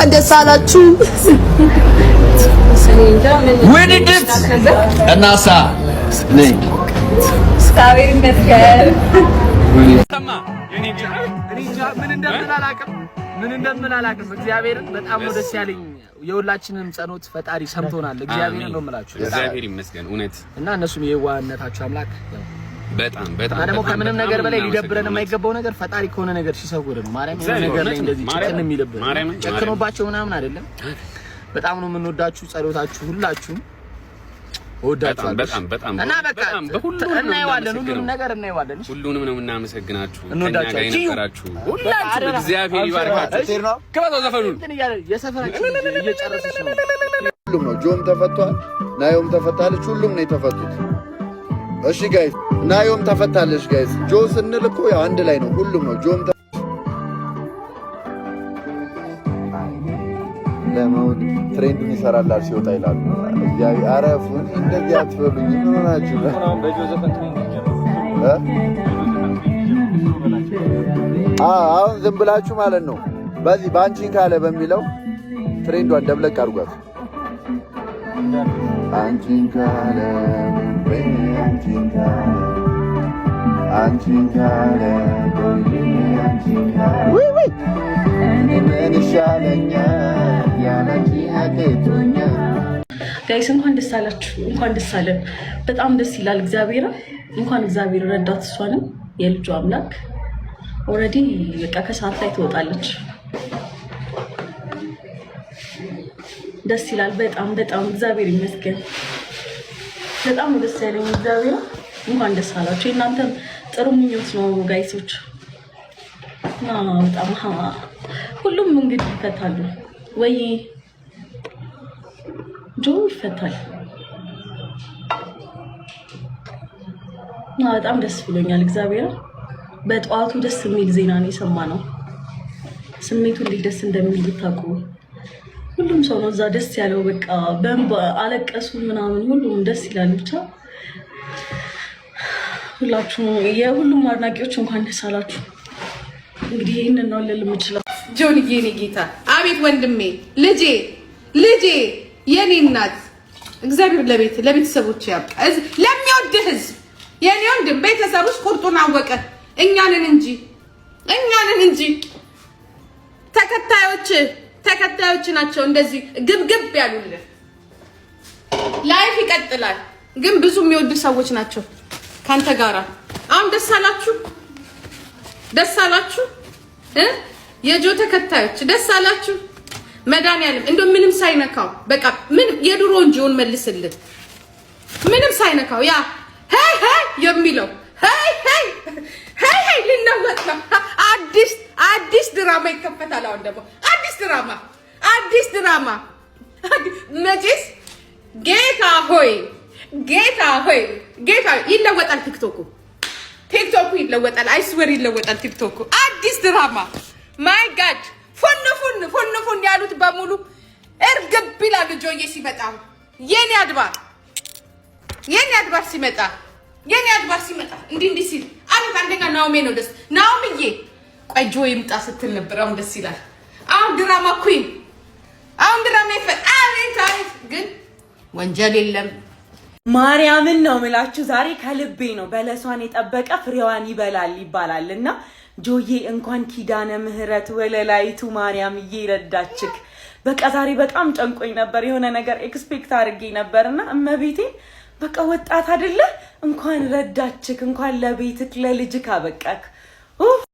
እንኳን ደስ አላችሁ። ውድድት እናሳ ምን እንደምን አላውቅም። እግዚአብሔርን በጣም ነው ደስ ያለኝ። የሁላችንም ጸሎት ፈጣሪ ሰምቶናል። እግዚአብሔርን ነው የምላችሁ። እግዚአብሔር ይመስገን እውነት እና እነሱም የዋህነታችሁ አምላክ በጣም በጣም ደግሞ ከምንም ነገር በላይ ሊደብረን የማይገባው ነገር ፈጣሪ ከሆነ ነገር ሲሰውር ነው። ማርያም ነገር ላይ እንደዚህ ጭቅን የሚልብን ጨክኖባቸው ምናምን አይደለም። በጣም ነው የምንወዳችሁ። ጸሎታችሁ ሁላችሁም እወዳችኋለሁ በጣም በጣም እና በቃ እናየዋለን፣ ሁሉንም ሁሉንም ነው እግዚአብሔር ይባርካችሁ። የሰፈራችሁ ሁሉም ነው ጆም ተፈቷል፣ ናዮም ተፈታለች። ሁሉም ነው የተፈቱት። እሺ ጋይ ናዮም ተፈታለች። ጋይዝ ጆ ስንል እኮ ያው አንድ ላይ ነው ሁሉም ነው ጆም ለመሆን ትሬንድ ይሰራላል ሲወጣ ይላሉ። እግዚአብሔር አረፉን እንደዚህ አትበሉኝ። ምን ሆናችሁ አሁን ዝም ብላችሁ ማለት ነው። በዚህ በአንቺን ካለ በሚለው ትሬንዷን ደብለቅ አድርጓት አንቺን ካለ ቆይ ጋይስ እንኳን ደስ አላችሁ፣ እንኳን ደስ አለን። በጣም ደስ ይላል። እግዚአብሔር እንኳን እግዚአብሔር ረዳት እሷንም የልጁ አምላክ ኦልሬዲ በቃ ከሰዓት ላይ ትወጣለች። ደስ ይላል። በጣም በጣም እግዚአብሔር ይመስገን። በጣም ደስ ያለኝ እግዚአብሔር እንኳን ደስ አላችሁ። የእናንተም ጥሩ ምኞት ነው ጋይሶች። በጣም ሁሉም እንግዲህ ይፈታሉ ወይ ጆ ይፈታል። በጣም ደስ ብሎኛል እግዚአብሔር። በጠዋቱ ደስ የሚል ዜና ነው የሰማነው። ስሜቱ እንዴት ደስ እንደሚል ታውቁ ሁሉም ሰው ነው እዛ ደስ ያለው። በቃ በእንባ አለቀሱ ምናምን ሁሉም ደስ ይላል። ብቻ ሁላችሁ የሁሉም አድናቂዎች እንኳን ደስ አላችሁ። እንግዲህ ይህንን ነው ልል የምችለው። ጆንዬ የኔ ጌታ፣ አቤት ወንድሜ፣ ልጄ ልጄ፣ የኔ እናት፣ እግዚአብሔር ለቤት ለቤተሰቦች ያብቃ፣ ለሚወድ ህዝብ የኔ ወንድም ውስጥ ቁርጡን አወቀ። እኛንን እንጂ እኛንን እንጂ ተከታዮች ጉዳዮች ናቸው እንደዚህ ግብግብ ያሉልን። ላይፍ ይቀጥላል፣ ግን ብዙ የሚወዱ ሰዎች ናቸው ካንተ ጋራ። አሁን ደስ አላችሁ፣ ደስ አላችሁ የጆ ተከታዮች ደስ አላችሁ። መድኃኒዓለም እንደ ምንም ሳይነካው በቃ ምን የድሮውን ጆን መልስልን። ምንም ሳይነካው ያ ሄይ ሄይ የሚለው ሄይ ሄይ ሄይ ሄይ ሊናወጥ ነው። አዲስ አዲስ ድራማ ይከፈታል። አሁን ደግሞ አዲስ ድራማ አዲስ ድራማ መቼስ ጌታ ሆይ ጌታ ሆይ ጌታ ይለወጣል። ቲክቶኩ ቲክቶኩ ይለወጣል። አይስወር ይለወጣል። ቲክቶኩ አዲስ ድራማ ማይ ጋድ ፉን ፉን ፉን ፉን ያሉት በሙሉ እርግብ ይላሉ። ጆዬ ሲመጣ የኔ አድባር የኔ አድባር ሲመጣ የኔ አድባር ሲመጣ እንዲህ እንዲህ ሲል አቤት አንደኛ ናኦሜ ነው ደስ ናኦምዬ ቆይ ጆ ይምጣ ስትል ነበር። አሁን ደስ ይላል። አሁን ድራማ ኩኝ አሁን ድራማ አቤት አቤት፣ ግን ወንጀል የለም። ማርያምን ነው ምላችሁ፣ ዛሬ ከልቤ ነው። በለሷን የጠበቀ ፍሬዋን ይበላል ይባላል እና ጆዬ እንኳን ኪዳነ ምሕረት ወለላይቱ ማርያም እየረዳችክ በቃ ዛሬ በጣም ጨንቆኝ ነበር። የሆነ ነገር ኤክስፔክት አድርጌ ነበር እና እመቤቴ በቃ ወጣት አይደለ እንኳን ረዳችክ፣ እንኳን ለቤትክ ለልጅክ አበቃክ።